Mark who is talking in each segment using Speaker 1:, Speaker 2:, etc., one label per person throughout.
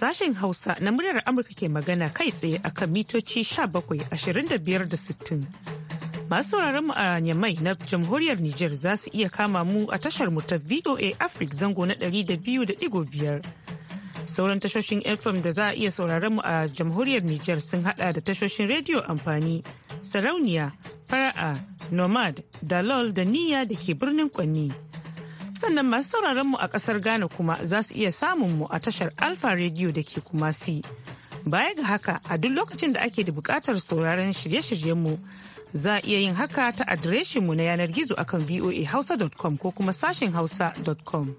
Speaker 1: Sashen Hausa na muryar Amurka ke magana kai tsaye kan mitoci 17, da sittin Masu sauraron mu a Nyamai na jamhuriyar Nijar za su iya kama mu a tashar mu ta VOA Africa zango na 200.5. Sauran tashoshin FM da za a iya sauraron mu a jamhuriyar Nijar sun hada da tashoshin rediyo amfani, sarauniya, fara'a, nomad, dalol da Niya da ke birnin Kwanni. sannan masu sauraron mu a kasar Ghana kuma za su iya samun mu a tashar alpha Radio da ke kuma si. Baya ga haka a duk lokacin da ake da bukatar sauraron shirye-shiryen mu za a iya yin haka ta adireshin mu na yanar gizo akan voahausa.com ko kuma sashin hausa.com.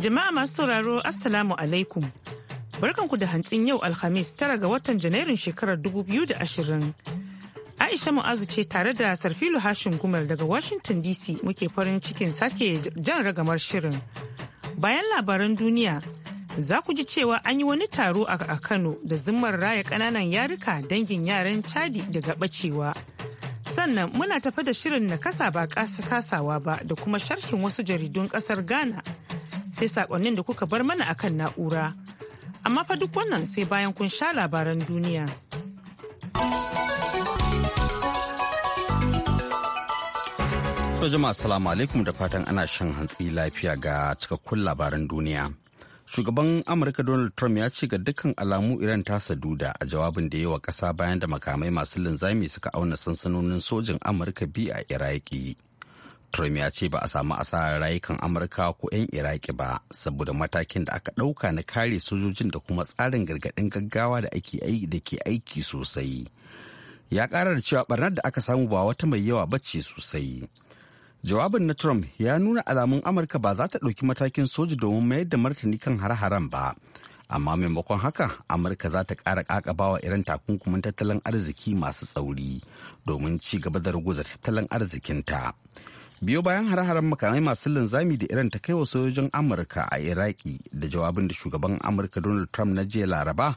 Speaker 1: Jama'a masu sauraro Assalamu alaikum. Barkanku da hantsin yau Alhamis tara ga watan Janairun shekarar 2020. Aisha Mu'azu ce tare da Sarfilu Hashin Gumal daga Washington DC muke farin cikin sake jan ragamar shirin. Bayan labaran duniya, za ku ji cewa an yi wani taro a Kano da zimmar raya ƙananan yarika dangin yaran Chadi daga bacewa. Sannan muna tafa da shirin na kasa ba kasawa ba da kuma sharhin wasu jaridun ƙasar Ghana. Sai saƙonnin da kuka bar mana akan na'ura. Amma fa duk wannan sai bayan kun sha labaran duniya.
Speaker 2: To jama'a assalamu alaikum da fatan ana shan hantsi lafiya ga cikakkun labaran duniya. Shugaban Amurka Donald Trump ya ce ga dukkan alamu Iran ta saduda a jawabin da wa kasa bayan da makamai masu linzami suka auna sansanonin sojin Amurka biyu a Iraki. Trump ya ce ba a samu asarar rayukan Amurka ko 'yan Iraki ba saboda matakin da aka ɗauka na kare sojojin da kuma tsarin gargaɗin gaggawa da ake aiki aiki sosai. Ya ƙara da cewa barnar da aka samu ba wata mai yawa ba sosai. jawabin na trump ya nuna alamun amurka ba za ta ɗauki matakin soji domin mayar da martani kan har-haren ba amma maimakon haka amurka za ta ƙara ƙaƙabawa irin takunkumin tattalin arziki masu tsauri domin ci gaba da ruguza tattalin arzikinta. biyo bayan hare-haren makamai masu linzami da iran ta kai wa sojojin amurka a iraki da jawabin da shugaban amurka donald trump na jiya laraba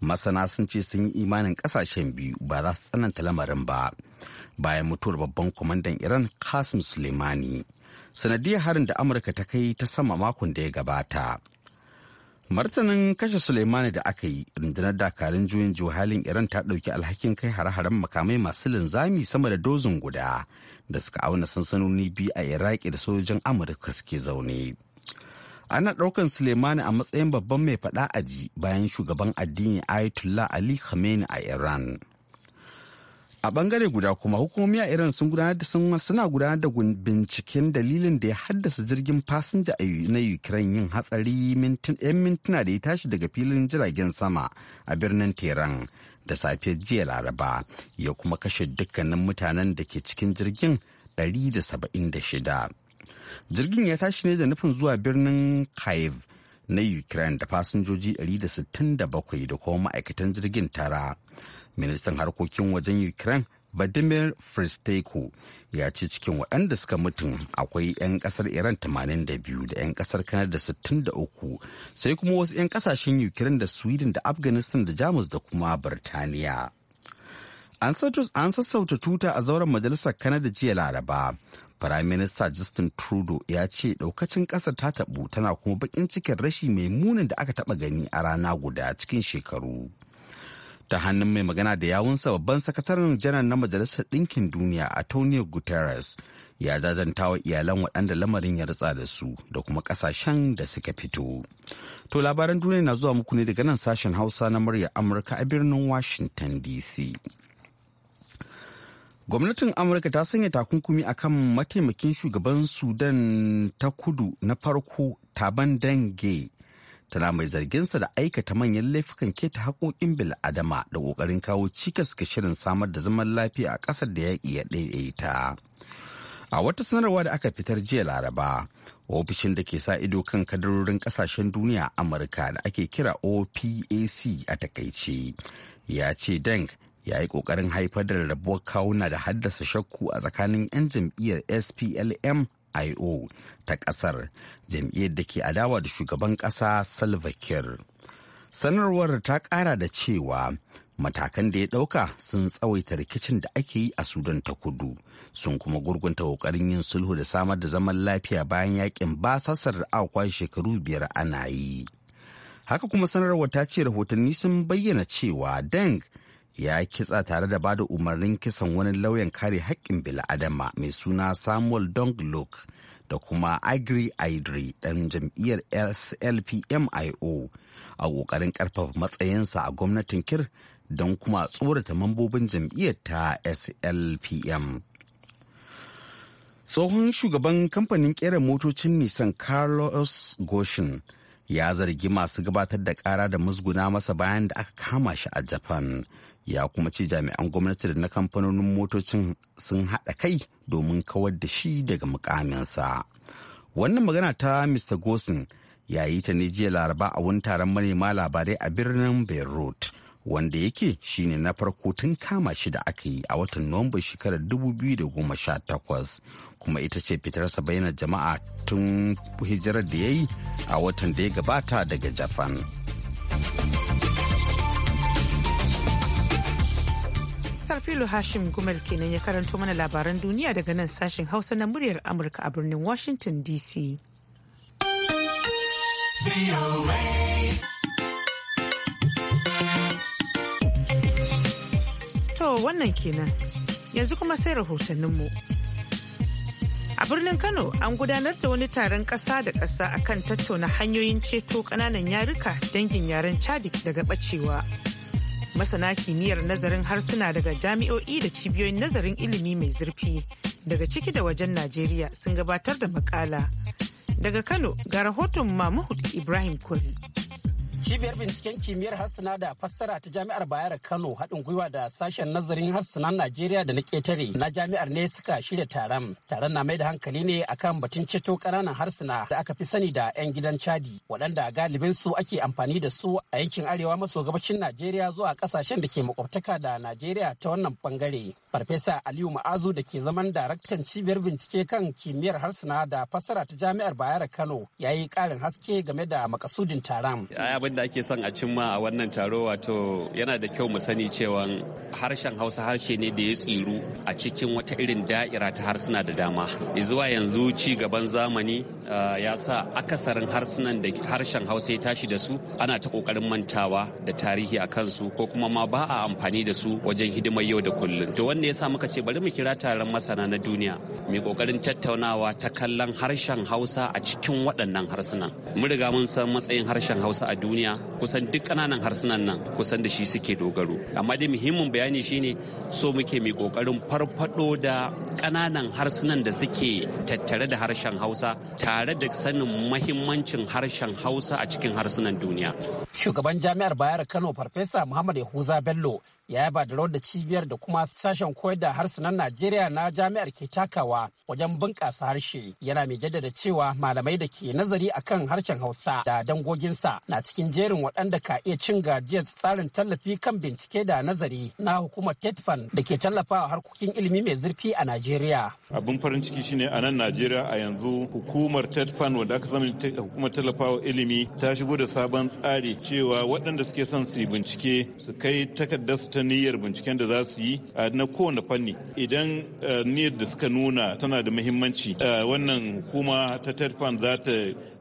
Speaker 2: masana sun ce sun yi imanin kasashen biyu ba za su tsananta lamarin ba bayan mutuwar babban kwamandan iran kasim suleimani sanadiyar harin da amurka ta kai ta sama makon da ya gabata martanin kashe suleimani da aka yi rundunar dakarun juyin juhalin iran ta dauki alhakin kai hare-haren makamai masu linzami sama da dozin guda da suka auna sansanoni biyu a iraki da sojojin amurka suke zaune ana ɗaukan suleimani a matsayin babban mai faɗa aji bayan shugaban addini ayatollah ali khamenei a iran a bangare guda kuma hukumomi a iran sun gudanar da suna gudanar da binciken dalilin da ya haddasa jirgin fasinja na ukraine yin hatsari yan mintuna da ya tashi daga filin jiragen sama a birnin tehran da safe jiya laraba ya kuma kashe dukkanin mutanen da ke cikin jirgin 176 jirgin ya tashi ne da nufin zuwa birnin kyiv na ukraine da fasinjoji 167 da kuma ma'aikatan jirgin tara ministan harkokin wajen ukraine Vladimir Fristeko ya ce cikin waɗanda suka mutu akwai 'yan ƙasar Iran 82 da 'yan ƙasar Canada 63 sai kuma wasu 'yan ƙasashen Ukraine da Sweden da Afghanistan da Jamus da kuma Birtaniya. An sassauta tuta a zauren majalisar Canada jiya Laraba. Firaminista Justin Trudeau ya ce ɗaukacin ƙasar ta taɓu tana kuma bakin cikin rashi mai munin da aka taɓa gani a rana guda cikin shekaru. ta hannun mai magana da yawunsa babban sakataren janar na majalisar ɗinkin duniya a antonio guterres ya zazantawa wa iyalan waɗanda lamarin ya ritsa da su da kuma ƙasashen da suka fito to labaran duniya na zuwa muku ne daga nan sashen hausa na murya amurka a birnin washington dc gwamnatin amurka ta sanya takunkumi akan mataimakin shugaban sudan ta kudu na farko taban dange tana mai zarginsa da aikata manyan laifukan keta haƙoƙin bil'adama da ƙoƙarin kawo cikas ga shirin samar da zaman lafiya a ƙasar da yaƙi ya ɗaiɗaita. A wata sanarwa da aka fitar jiya Laraba, ofishin da ke sa ido kan kadarorin ƙasashen duniya Amurka da ake kira OPAC a takaice, ya ce Deng ya yi ƙoƙarin haifar da rabuwar kawuna da haddasa shakku a tsakanin 'yan jam'iyyar SPLM io ta kasar jam'iyyar da ke adawa da shugaban kasa salva kiir sanarwar ta kara da cewa matakan da ya ɗauka sun tsawaita rikicin da ake yi a sudan ta kudu sun kuma gurgunta kokarin yin sulhu da samar da zaman lafiya bayan yakin basasar da aka shekaru biyar ana yi haka kuma sanarwar ta ce rahotanni sun bayyana cewa deng ya kitsa tare da bada umarnin kisan wani lauyan kare haƙƙin bil'adama mai suna samuel dong da kuma agri idri ɗan jam'iyyar slpmio a ƙoƙarin ƙarfafa matsayinsa a gwamnatin kir don kuma tsorata mambobin jam'iyyar ta slpm tsohon shugaban kamfanin ƙera motocin nisan carlos goshen ya zargi masu gabatar da kara da musguna masa bayan da aka kama shi a japan ya kuma ce jami'an gwamnati da na kamfanonin motocin sun haɗa kai domin kawar da shi daga mukaminsa wannan magana ta mr gosin ya yi ta ne jiya laraba a wani taron manema labarai a birnin beirut wanda yake shine na farko tun kama shi da aka yi a watan nuwamban shekarar 2018 kuma ita ce fitarsa bayyana jama'a tun hijirar da ya yi a watan da ya gabata daga japan
Speaker 1: Sarfilu Hashim Gumel kenan ya karanto mana labaran duniya daga nan sashen Hausa na muryar Amurka a birnin Washington DC. wannan kenan yanzu kuma sai rahotanninmu. A birnin Kano an gudanar da wani taron ƙasa da ƙasa akan tattauna hanyoyin ceto ƙananan yarika dangin yaren Chadi daga ɓacewa. Masana kimiyyar nazarin harsuna daga jami'o'i da cibiyoyin nazarin ilimi mai zurfi daga ciki da wajen Najeriya sun gabatar da makala. Daga Kano ga rahoton Mahmud Ibrahim Kuri.
Speaker 3: Cibiyar binciken kimiyyar harsuna da fassara ta jami'ar Bayar Kano haɗin gwiwa da sashen nazarin harsunan Najeriya da na ƙetare na jami'ar ne suka shirya taron. Taron na mai da hankali ne akan batun ceto ƙananan harsuna da aka fi sani da 'yan gidan Chadi waɗanda galibin su ake amfani da su a yankin arewa maso gabashin Najeriya zuwa ƙasashen da ke makwabtaka da Najeriya ta wannan bangare. Farfesa Aliyu Ma'azu da ke zaman daraktan cibiyar bincike kan kimiyyar harsuna da fasara ta jami'ar Bayero Kano ya yi ƙarin haske game da makasudin taron. Abin da ake son a cimma a wannan taro wato yana da kyau mu sani cewa harshen Hausa harshe ne da ya tsiru a cikin wata irin da'ira ta harsuna da dama. Zuwa yanzu ci gaban zamani Eh, ya sa akasarin harsunan da harshen hausa ya tashi da su ana ta kokarin mantawa da tarihi a kansu ko kuma ma ba a amfani da su wajen hidimar yau da kullum to wanda ya sa muka ce bari mu kira taron masana na duniya mai kokarin tattaunawa ta kallon harshen hausa a cikin waɗannan harsunan mu riga mun san matsayin harshen hausa a duniya kusan duk ƙananan harsunan nan kusan da shi suke dogaro amma dai muhimmin bayani shine so muke mai kokarin farfado da ƙananan harsunan da suke tattare da harshen hausa ta tare da sanin mahimmancin harshen hausa a cikin harsunan duniya shugaban jami'ar bayar kano farfesa muhammad yahuza bello ya yaba da rawar da cibiyar da kuma sashen koyar da harsunan najeriya na jami'ar ke takawa wajen bunƙasa harshe yana mai jaddada cewa malamai da ke nazari akan harshen hausa da dangoginsa na cikin jerin waɗanda ka iya cin gajiyar tsarin tallafi kan bincike da nazari na hukumar tetfan da ke tallafawa harkokin ilimi mai zurfi a najeriya
Speaker 4: abin farin ciki shine a nan najeriya a yanzu hukumar tetfan wanda aka sani hukumar tallafawa ilimi ta shigo da sabon tsari cewa waɗanda suke son su bincike su kai takardar ta niyyar binciken da za su yi na kowane fanni idan niyyar da suka nuna tana da muhimmanci wannan hukuma ta tarfan za ta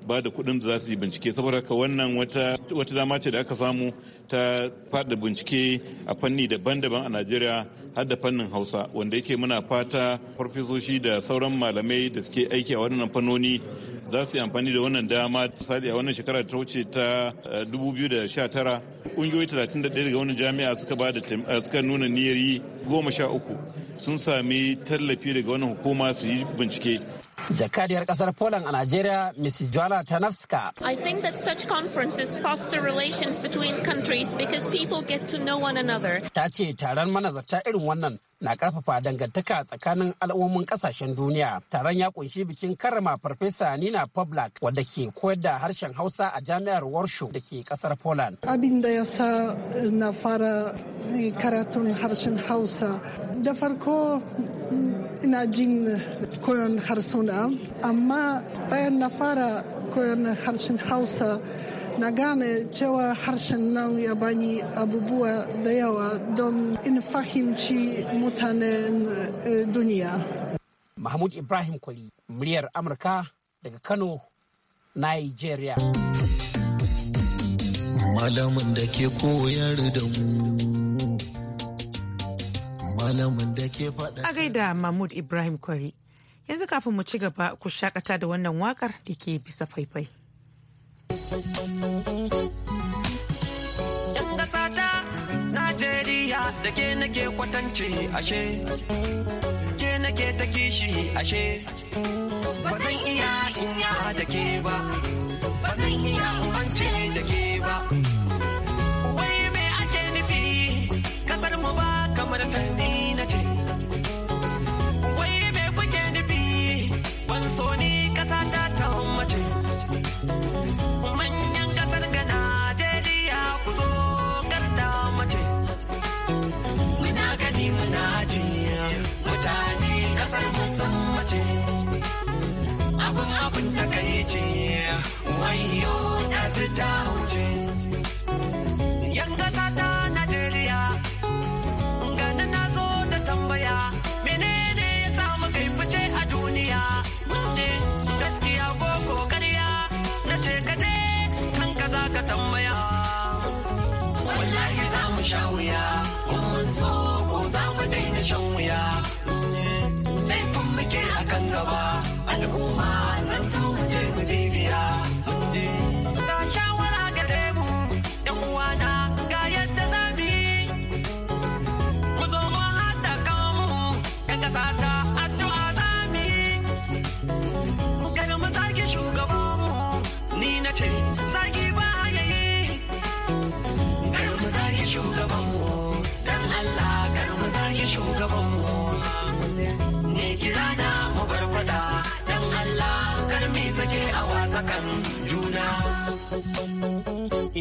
Speaker 4: ba da kuɗin da za su yi bincike saboda haka wannan wata dama ce da aka samu ta fada bincike a fanni daban-daban a najeriya har da fannin hausa wanda yake muna fata farfesoshi da sauran malamai da suke aiki a wannan fannoni za su yi amfani da wannan dama misali a wannan shekara ta wuce ta 2019 eh, ƙungiyoyi 31 daga wannan jami'a suka ba da eh, suka nuna niyyar yi goma sha uku sun sami tallafi daga wannan hukuma su yi bincike Jakadiyar
Speaker 3: kasar Poland a Najeriya, Mrs. Joala Tanaska.
Speaker 1: I think that such conferences foster relations
Speaker 5: between countries because people
Speaker 3: get to know one another. Ta ce taron manazarta irin wannan na karfafa dangantaka tsakanin al'ummomin kasashen duniya. Taron ya kunshi bikin karrama Farfesa Nina Poblak wadda ke koyar da harshen Hausa a jami'ar Warsaw da ke kasar
Speaker 6: Poland. Abin da ya sa eh, na fara eh, karatun harshen Hausa da farko ina jin koyon harsuna amma bayan na fara koyon harshen hausa na gane cewa harshen nan ya bani abubuwa da yawa don in fahimci mutanen eh, duniya.
Speaker 3: Mahmud Ibrahim Kwali, muryar Amurka daga Kano, Nigeria.
Speaker 7: Malamin da ke koyar da mu da A
Speaker 1: gaida Mahmud Ibrahim Kwari. Yanzu kafin mu ci gaba ku shakata da wannan wakar da ke bisa faifai.
Speaker 7: Yan ta Najeriya da ke nake kwatance ashe, ke nake ta kishi ashe, ba zan iya inya da ke ba, ba zan iya umance da ke ba. Wai me ake nufi, kasar mu ba kamar tandi. so ni kasa ta mace manyan kasar ga Najeriya ku zo mace muna gani muna ji mutane kasar musan mace abin abin takaici wayo da ta wuce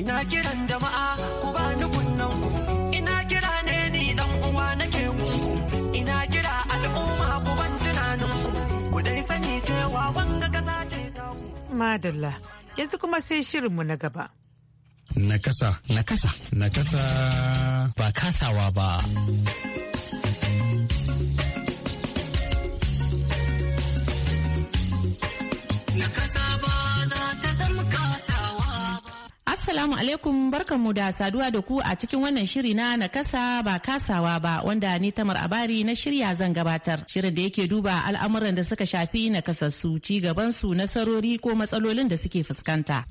Speaker 7: Ina kiran jama'a ku ba ni kunnan ku. Ina kira ne ni dan uwa nake gungu. Ina kira al'umma ku ban tunanin ku. Ku dai sani cewa wanga
Speaker 1: kasa ce ta ku. Madalla, yanzu kuma sai shirin mu na gaba. Nakasa.
Speaker 7: Nakasa. Nakasa. Ba kasawa ba.
Speaker 5: Assalamu alaikum barkanmu da saduwa da ku a cikin wannan shiri na nakasa ba kasawa ba wanda ni tamar abari na shirya zan gabatar. Shirin da yake duba al'amuran da suka shafi nakasassu ci gaban su nasarori ko matsalolin da suke fuskanta.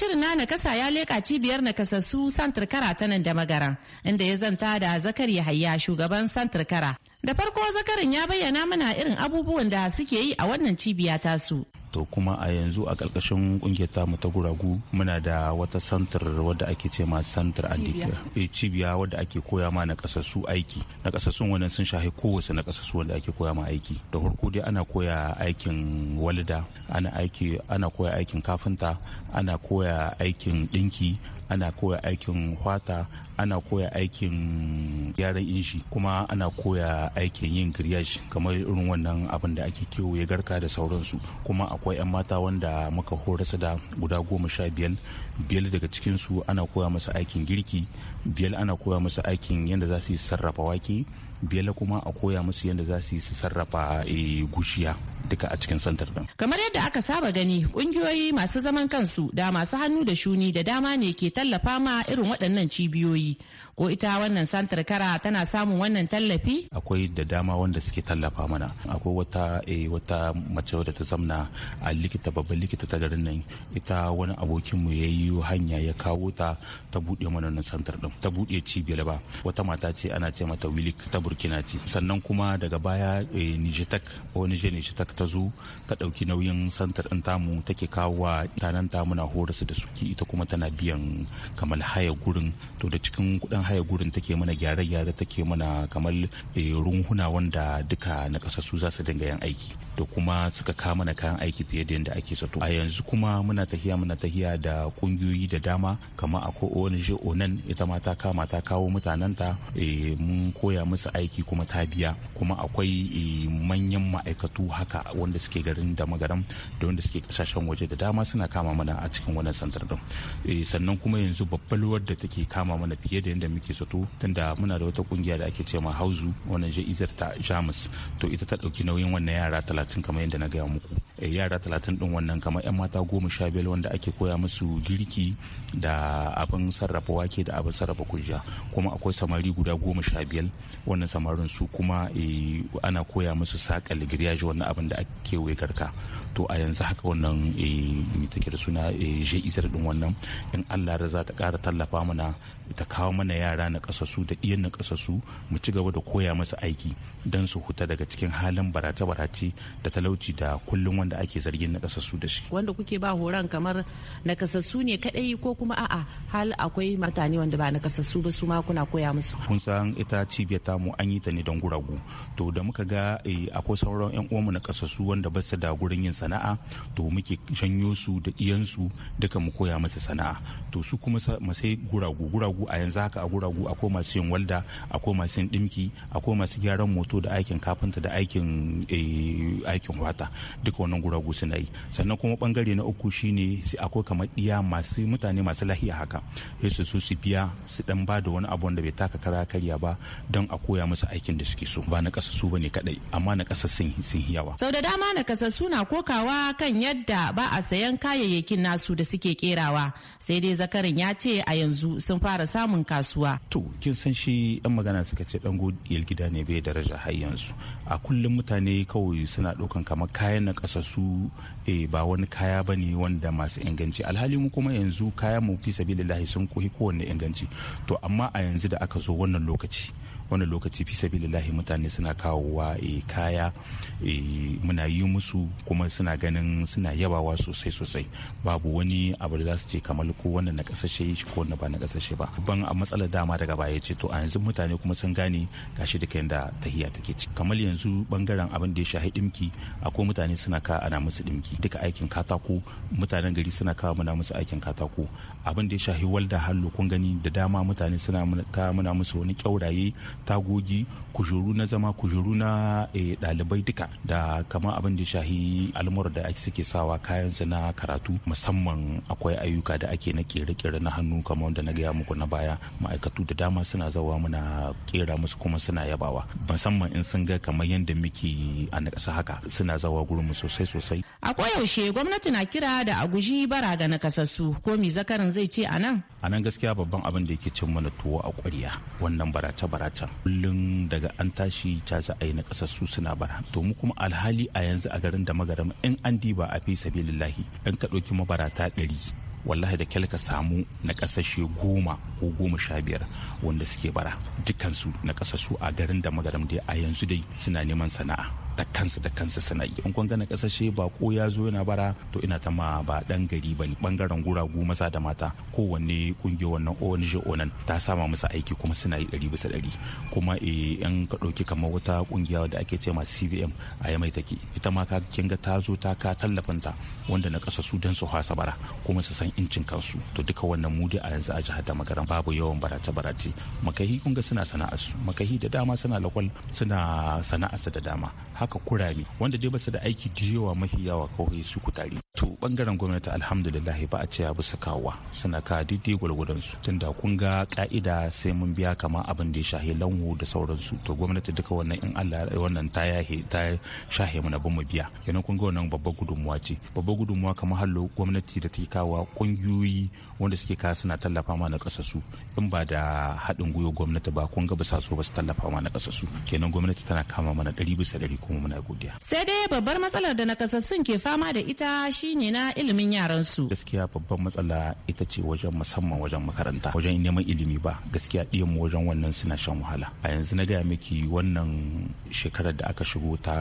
Speaker 5: shirin na nakasa ya leƙa cibiyar nakasassu santar kara ta nan da magara inda ya zanta da zakari hayya shugaban santar kara da farko zakarin ya bayyana mana irin abubuwan da suke yi a wannan cibiya tasu
Speaker 4: to kuma a yanzu a ƙarƙashin ƙungiyar tamu ta guragu muna da wata santar wadda ake ce ma santar andika cibiya eh, wadda ake koya ma na ƙasassu aiki na ƙasassun wannan sun shahi kowace na ƙasassu wanda ake koya ma aiki da farko dai ana koya aikin walda ana ana koya aikin kafinta ana koya aikin ɗinki ana koya aikin hwata ana koya aikin gyaran inji kuma ana koya aikin yin giryashi kamar irin wannan abin da ake ya garka da sauransu kuma akwai 'yan mata wanda muka horasa da guda goma sha biyar biyar daga cikinsu ana koya masu aikin girki biyar ana koya masa aikin yadda za su yi sarrafa wake biyar kuma a koya musu yadda za su yi su sarrafa eh, gushiya duka a cikin santar din.
Speaker 5: Kamar yadda aka saba gani kungiyoyi masu zaman kansu da masu hannu da shuni da dama ne ke tallafa ma irin waɗannan cibiyoyi. Ko ita wannan santar kara tana samun wannan tallafi?
Speaker 4: Akwai da dama wanda suke tallafa mana. Akwai wata e, wata mace wadda ta zamna a likita babban likita ta garin nan ita wani abokinmu ya yi hanya ya kawo ta ta buɗe mana wannan santar din. Ta buɗe cibiyar ba. Wata mata ce ana ce mata Wilik ta Burkina ce. Sannan kuma daga baya e, eh, Nijitak ko Nijitak ta zo ta ɗauki nauyin santar ɗin tamu take kawo wa tanan tamu na horasu da suke ita kuma tana biyan kamar haya gurin to da cikin kuɗin haya gurin take mana gyare-gyare take mana kamar eh, runhuna wanda duka na su za su dinga yin aiki da kuma suka kama mana kayan aiki fiye da yadda ake sato a yanzu kuma muna tahiya muna tahiya da ƙungiyoyi da dama kamar akwai ONG Onan ita ma ta kama ta kawo mutanenta eh, mun koya musu aiki kuma ta biya kuma akwai eh, manyan ma'aikatu haka wanda suke garin da magaram da wanda suke kasashen waje da dama suna kama mana a cikin wannan santar din eh, sannan kuma yanzu babbaluwar da take kama mana fiye da yadda muke sato tunda muna da wata kungiya da ake cewa hauzu wannan izar ta jamus to ita ta dauki nauyin wannan yara talatin kamar yadda na gaya muku eh, yara talatin din wannan kamar yan mata goma sha biyar wanda ake koya musu girki da abin sarrafa wake da abin sarrafa kujya kuma akwai samari guda goma sha biyar wannan samarin su kuma eh, ana koya musu saƙa ligiriyaji wannan abin da ake kewaye garka to a yanzu haka wannan eh, mai take da suna je eh, isar din wannan in allah da za ta kara tallafa mana ta kawo mana yara na kasasu da iyan na kasasu mu ci gaba da koya masu aiki don su huta daga cikin halin barace-barace da talauci da kullum wanda ake zargin na kasasu da shi
Speaker 5: wanda kuke ba horon kamar na kasasu ne kadai ko kuma a'a hal akwai mutane wanda ba na kasasu ba su ma kuna koya musu
Speaker 4: kun san ita cibiyar mu an yi ta ne don guragu to da muka ga eh, akwai sauran yan uwanmu na kasasu wanda ba su da gurin yin sana'a to muke janyo su da iyansu duka mu koya masa sana'a to su kuma masai guragu guragu a yanzu haka a guragu akwai masu yin walda akwai masu yin ɗimki akwai su gyaran moto da aikin kafinta da aikin eh, aikin wata duka wannan guragu suna yi sannan kuma bangare na uku shine su akwai kamar ɗiya masu mutane masu lahiya haka sai su su biya su dan ba da wani abu wanda bai taka kara karya ba don a koya musu aikin da suke so ba na kasa su bane kadai amma na kasa sun yawa
Speaker 5: sau da dama na kasa suna ko kokawa kan yadda ba a sayan kayayyakin nasu da suke kerawa sai dai zakarin ya ce a yanzu sun fara samun kasuwa to
Speaker 4: kin san shi yan magana suka ce dan godiyar gida ne bai daraja har yanzu a kullum mutane kawai suna ɗaukan kamar kayan na su eh, ba wani kaya ba ne wanda masu inganci alhali mu kuma yanzu kayan mu fi sabilillahi sun kohi kowanne inganci to amma a yanzu da aka zo wannan lokaci wani lokaci fi sabilillahi mutane suna kawowa eh, kaya eh, muna yi musu kuma suna ganin suna yabawa sosai sosai babu wani abu da za su ce kamar ko wannan na kasashe shi ko wannan ba na kasashe ba ban a matsalar dama daga baya ce to a yanzu mutane kuma sun gane gashi da kayan da tahiya take ci kamar yanzu bangaren abin da ya shahi dimki akwai mutane suna ka ana musu dimki duka aikin katako mutanen gari suna kawo muna musu aikin katako abin da ya shahi walda hallo kun gani da dama mutane suna ka muna musu wani kyauraye tagogi kujeru na zama kujeru na eh, ɗalibai duka da kamar abin da shahi almur da suke sawa kayansu na karatu musamman akwai ayyuka da ake na kere-kere na hannu kamar wanda na gaya muku na baya ma'aikatu da dama suna zawa muna kera musu kuma suna yabawa musamman in sun ga kamar yadda muke a na haka suna zawa gurin mu sosai sosai
Speaker 5: a koyaushe gwamnati na kira da a guji bara ga nakasassu ko mi zakarin zai ce a nan
Speaker 4: a nan gaskiya babban abin da yake cin mana tuwo a ƙwarya wannan barace baracen kullum daga an tashi caza a yi na ƙasar su suna bara to mu kuma alhali a yanzu a garin da magaram in an diba a fi sabilillahi in ka ɗauki mabarata ɗari wallahi da kyalka samu na ƙasashe goma ko goma sha biyar wanda suke bara dukansu na su a garin da magaram dai a yanzu dai suna neman sana'a da kansu da kansu suna yi in kun gana kasashe ko ya zo yana bara to ina ta ma ba dan gari bane bangaren guragu maza da mata kowanne kungiyar wannan ONG onan ta sama musu aiki kuma suna yi ɗari bisa ɗari kuma eh, in ka ɗauki kamar wata kungiya da ake ce ma CBM a yamai take ita ma ka kin ga ta zo ta ka tallafin ta wanda na kasa su dan su hasa bara kuma su san incin kansu to duka wannan mu dai a yanzu a jihar da magaran babu yawan barace barace makahi kun ga suna sana'ar su makahi da dama suna lakwal suna sana'ar da dama haka kurami wanda dai basu da aiki jiyowa mafi yawa kawai su kutare to bangaren gwamnati alhamdulillah ba a ce ya bisa kawa suna ka daidai su tunda kun ga ka'ida sai mun biya kama abin da ya shahe lanwo da sauransu to gwamnati duka wannan in Allah wannan ta yahe ta shahe mu mu biya kenan kun ga wannan babbar gudunmuwa ce babbar gudunmuwa kamar hallo gwamnati da ta kawa kungiyoyi wanda suke ka suna tallafa mana kasasu in ba da haɗin gwiwa gwamnati ba kun ga bisa so ba su tallafa mana kasasu kenan gwamnati tana kama mana ɗari bisa ɗari ko kuma muna godiya
Speaker 5: sai dai babbar matsalar da nakasassun ke fama da ita shine na ilimin yaran su gaskiya babbar matsala ita ce wajen
Speaker 4: musamman wajen makaranta wajen neman ilimi ba gaskiya mu wajen wannan suna shan wahala a yanzu na gaya miki wannan shekarar da aka shigo ta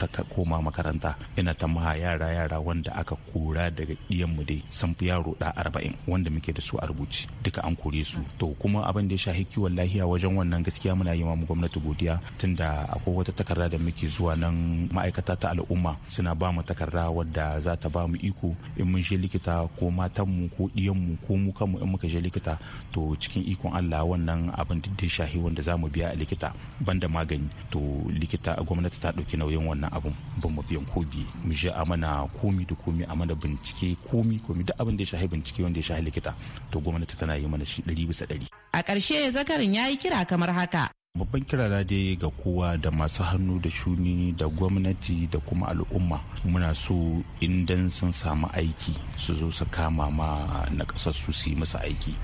Speaker 4: ta koma makaranta ina ta maha yara yara wanda aka kora daga mu dai sun fi yaro da arba'in wanda muke da su a rubuce. duka an kore su to kuma abin da ya shahi kiwon lahiya wajen wannan gaskiya muna yi ma gwamnati godiya tunda akwai wata takarda da muke zuwa wannan ma'aikata ta al'umma suna ba mu takarda wadda za ta ba mu iko in mun je likita ko matanmu ko ɗiyanmu ko mu kanmu in muka je likita to cikin ikon Allah wannan abin duk da shahi wanda za mu biya a likita banda magani to likita gwamnati ta ɗauki nauyin wannan abun ba mu biyan ko mu je a mana komi da komi a mana bincike komi komi duk abin da ya shahi bincike wanda ya shahi likita to gwamnati tana yi mana shi ɗari bisa ɗari.
Speaker 5: A ƙarshe zakarin ya yi kira kamar haka.
Speaker 4: babban kirara dai ga kowa da masu hannu da shuni da gwamnati da kuma al'umma muna so indan sun samu aiki su zo su kama ma na ƙasar su yi masa aiki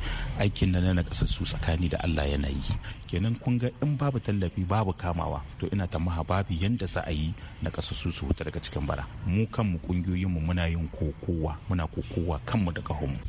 Speaker 4: aikin na na ƙasar su tsakani da allah yana yi kenan kun ga in babu tallafi babu kamawa to ina ta babu yanda za a yi na ƙasar su su huta daga cikin bara mu kanmu ƙungiyoyinmu muna yin kokowa muna kokowa kanmu da ƙahonmu.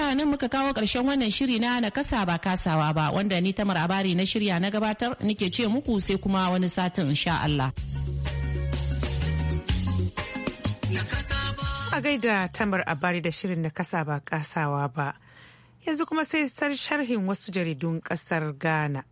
Speaker 5: haka nan muka kawo ƙarshen wannan shiri na na kasa ba kasawa ba wanda ni tamar abari na shirya na gabatar nike ce muku sai kuma wani satin insha
Speaker 1: Allah. A gaida tamar abari da shirin na kasa ba kasawa ba. Yanzu kuma sai sharhin wasu jaridun ƙasar Ghana.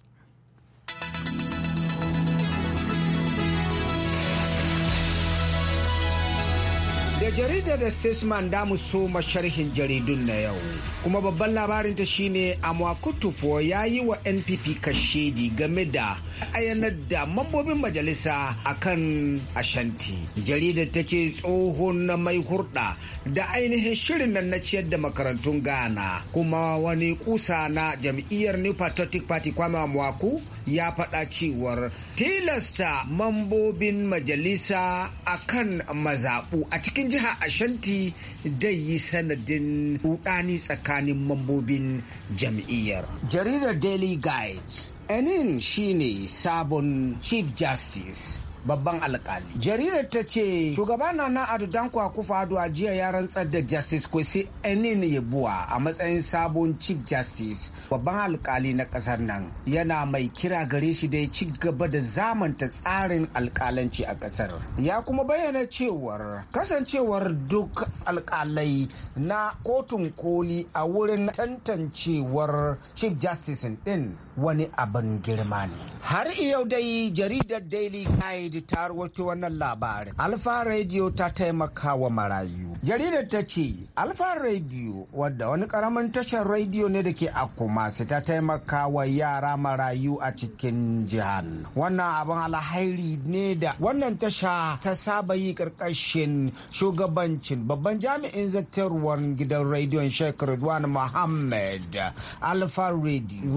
Speaker 6: Da jaridar da Statesman da mu so masharhin jaridun na yau. Kuma babban labarinta shine Amwakutufo ya yi wa NPP kashedi game da ayyanar da mambobin majalisa akan Ashanti. Jaridar ta ce tsohon na mai hurɗa da ainihin shirin nan na ciyar da makarantun Ghana kuma wani kusa na jam'iyyar New Patriotic Party kwama Amwaku ya faɗa cewar tilasta mambobin majalisa a kan mazaɓu a cikin jiha ashanti dai yi sanadin rudani tsakanin mambobin jam'iyyar jaridar daily guide enin shine sabon chief justice babban alkali. Jaridar ta ce shugaba Nana Ado Danko Akufo-Addo ajiya jiya ya rantsar da Justice Kwesi Enin Yebuwa a matsayin sabon Chief Justice babban alkali na kasar nan yana mai kira gare shi da ya ci gaba da zamanta tsarin alkalanci a kasar. Ya kuma bayyana cewar kasancewar duk alkalai na kotun koli a wurin tantancewar Chief Justice din wani abin girma ne. Har yau dai jaridar Daily Guide ta rawaito wannan labarin. Alfa Radio ta taimaka wa marayu. Jaridar ta ce Alfa Radio wadda wani karamin tashar radio ne da ke a Kumasi ta taimaka wa yara marayu a cikin jihar. Wannan abin alhairi ne da wannan tasha ta saba yi karkashin shugabancin babban jami'in zartarwar gidan radio Sheikh Ridwan Muhammad Alfa Radio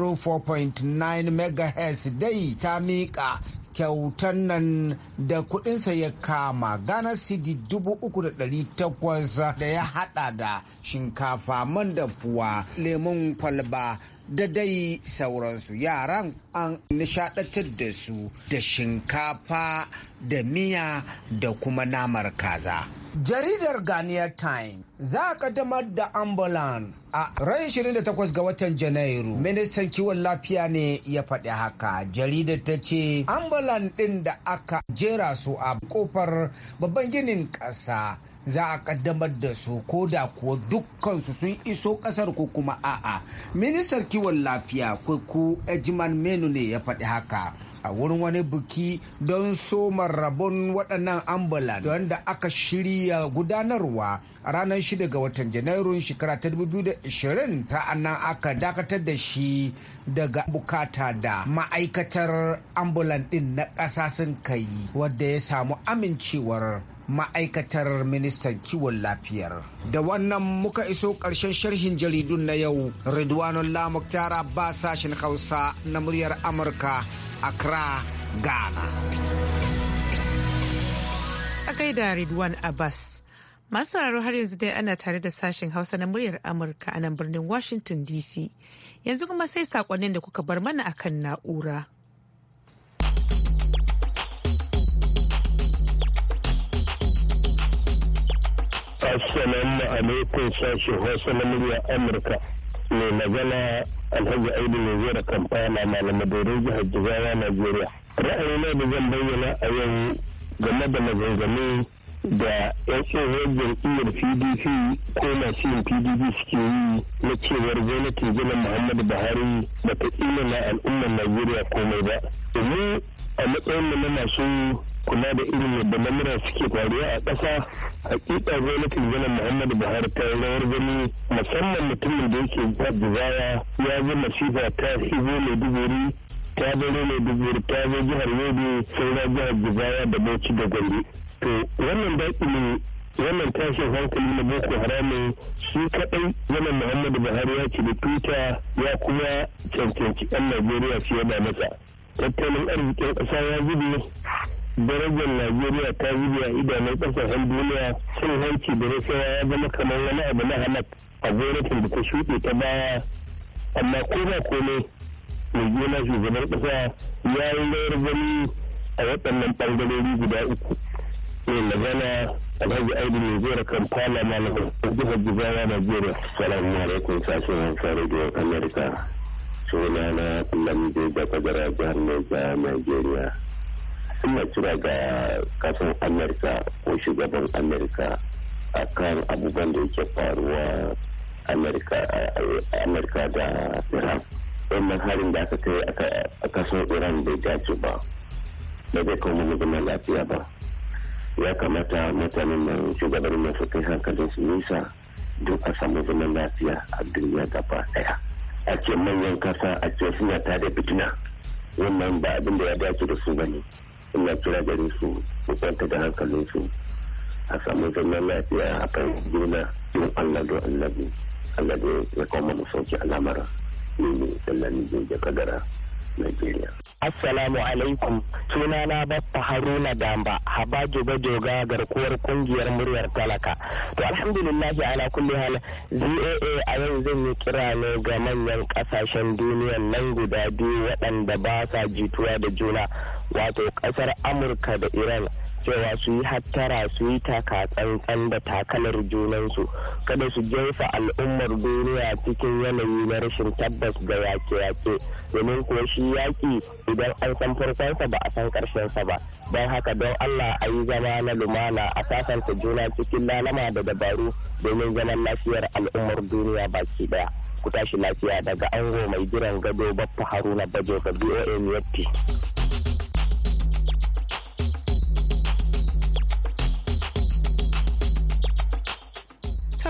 Speaker 6: 104.9 megahertz dai ta miƙa kyautan nan da kudinsa ya kama ghana city dubu uku da ɗari takwas da ya haɗa da shinkafa man dafuwa lemun kwalba da dai sauransu yaran an nishadatar da su da shinkafa da miya da kuma namar kaza jaridar ghanaian time za a kadamar da ambulan a ran 28 ga watan janairu ministan kiwon lafiya ne ya faɗi haka jaridar ta ce ambulan ɗin da aka jera su a kofar babban ginin ƙasa za a kaddamar da su ko da kuwa dukkansu sun iso kasar ko kuma a'a ministan kiwon lafiya ku ejiman menu ne ya faɗi haka a wurin wani biki don soma rabon waɗannan ambulan da aka shirya gudanarwa a ranar 6 ga watan janairun shekara ta 2020 ta annan aka dakatar da shi daga bukata da ma'aikatar ambulan ɗin na ƙasa sun kai wadda ya samu amincewar ma'aikatar ministan kiwon lafiyar. Da wannan muka iso ƙarshen sharhin jaridun na yau, Ridwanul Lamuktara ba sashen Hausa na muryar Amurka, Accra, Ghana.
Speaker 1: A gaida Ridwan Abbas. Masu har yanzu dai ana tare da sashen Hausa na muryar Amurka a nan birnin Washington DC. Yanzu kuma sai saƙonnin da kuka bar mana akan na'ura.
Speaker 8: Assalamu alaikum sashi Hausa na murya Amurka. Mai magana Alhaji Aidu mai zai da kamfana malamadorin jihar Jigawa Najeriya. na da zan bayyana a yau game da maganganu da yan tsohon jam'iyyar pdp ko masu yin pdp suke yi na cewar ke gina muhammadu buhari da ta na al'ummar najeriya komai ba domin a matsayin na masu kula da irin yadda lamura suke faruwa a ƙasa hakika gwamnatin gina muhammadu buhari ta rawar gani musamman mutumin da yake gwajibaya ya zo masifa ta hizo mai duburi ta bari mai duburi ta zo jihar yobe saura jihar gubaya da bauchi da gombe to wannan daƙilin wannan tashin hankali na boko haram su kadai. wannan muhammadu buhari ya ci da tuta ya kuma cancanci ɗan najeriya fiye da masa tattalin arzikin ƙasa ya zube darajar najeriya ta gudu a idanun ƙasashen duniya cin hanci da rasawa ya zama kamar wani abu na halak a gwamnatin da ta shuɗe ta baya amma ko ba komai mai gona shugaban ƙasa ya yi rawar gani a waɗannan ɓangarori guda uku mai magana alhaji aidu mai zora kampala malamin jihar jibawa najeriya salamu alaikum sashen hausa da america suna na lambe da kwadara jihar neja najeriya ina cira ga kasan amurka ko shugaban amurka a kan abubuwan da yake faruwa amurka da iran wannan harin da aka kai a kasar iran bai dace ba ba zai kawo mu zama lafiya ba ya kamata mutanen nan shugabannin nan su kai hankalin su nisa don a samu zaman lafiya a duniya gaba daya a ce manyan kasa a ce suna ta da fitina wannan ba abin da ya dace da su bane ina kira gare su su kwanta da hankalin su a samu zaman lafiya a kan juna don allah don annabi allah ya kawo mana sauki al'amara ne ne sallan ne kadara Assalamu alaikum sunana Baffa Haruna Damba habaju Joga Joga garkuwar kungiyar muryar talaka. To alhamdulillahi ala kulli hal ZAA a yau zan yi kira ne ga manyan kasashen duniyar nan guda biyu waɗanda ba sa jituwa da juna wato ƙasar Amurka da Iran cewa su yi hattara su yi taka tsantsan da takalar junansu kada su jefa al'ummar duniya cikin yanayi na rashin tabbas ga yake-yake domin kuwa shi yaƙi idan an san farkonsa ba a san ƙarshensa ba don haka don allah a yi zama na lumana a sasanta juna cikin lalama da dabaru domin zaman lafiyar al'ummar duniya baki daya ku tashi lafiya daga ango mai jiran gado baffa haruna bajo ga boa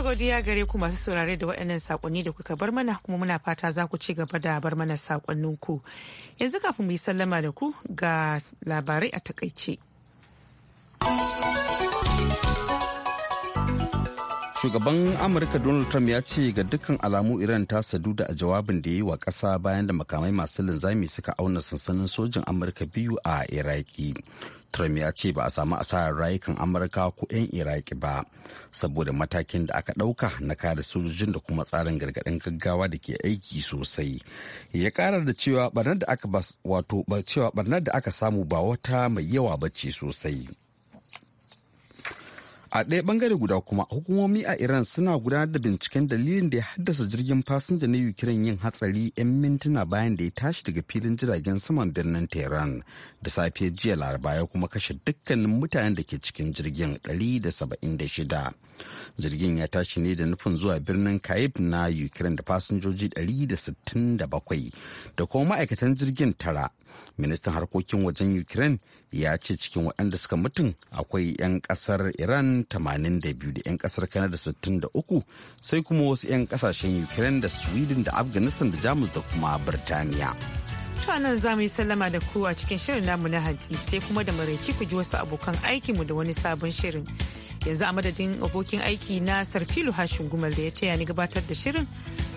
Speaker 1: godiya gare ku masu saurare da waɗannan sakonni da kuka bar mana kuma muna fata za ku ci gaba da bar mana saƙonninku Yanzu kafin mu yi sallama da ku ga labarai a takaice.
Speaker 2: Shugaban Amurka Donald Trump ya ce ga dukkan alamu Iran ta sadu da jawabin da ya yi wa kasa bayan da makamai masu linzami suka auna sansanin sojin Amurka biyu a Iraki. Trump ya ce ba a samu asarar rayukan Amurka ko 'yan Iraki ba, saboda matakin da aka ɗauka na kare sojojin da kuma tsarin gargaɗin gaggawa da ke aiki sosai. Ya ƙara da cewa barnar da aka samu ba wata mai yawa bace sosai. a ɗaya bangare guda kuma hukumomi a iran suna gudanar da binciken dalilin da ya haddasa jirgin fasinja na ukraine yin hatsari 'yan mintuna bayan da ya tashi daga filin jiragen saman birnin tehran da safiyar jiya laraba ya kuma kashe dukkanin mutanen da ke cikin jirgin 176 jirgin ya tashi ne da nufin zuwa birnin kayib na ukraine da fasinjoji 167 da kuma ma'aikatan jirgin tara ministan harkokin wajen ukraine ya ce cikin waɗanda suka mutum akwai 'yan ƙasar iran 82 da 'yan ƙasar canada 63 sai kuma wasu 'yan ƙasashen ukraine da sweden da afghanistan da jamus da kuma birtaniya
Speaker 1: nan za mu yi sallama da kowa cikin shirin namu na hantsi sai kuma da maraici ku ji wasu abokan aikinmu da wani sabon shirin yanzu a madadin abokin aiki na sarfilu hashin gumal da ya taya ni gabatar da shirin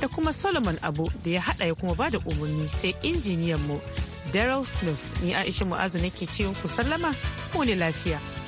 Speaker 1: da kuma solomon abu da ya haɗa ya kuma ba da umarni sai injiniyan mu daryl smith ni aisha mu'azu nake ciwon ku sallama ko ne lafiya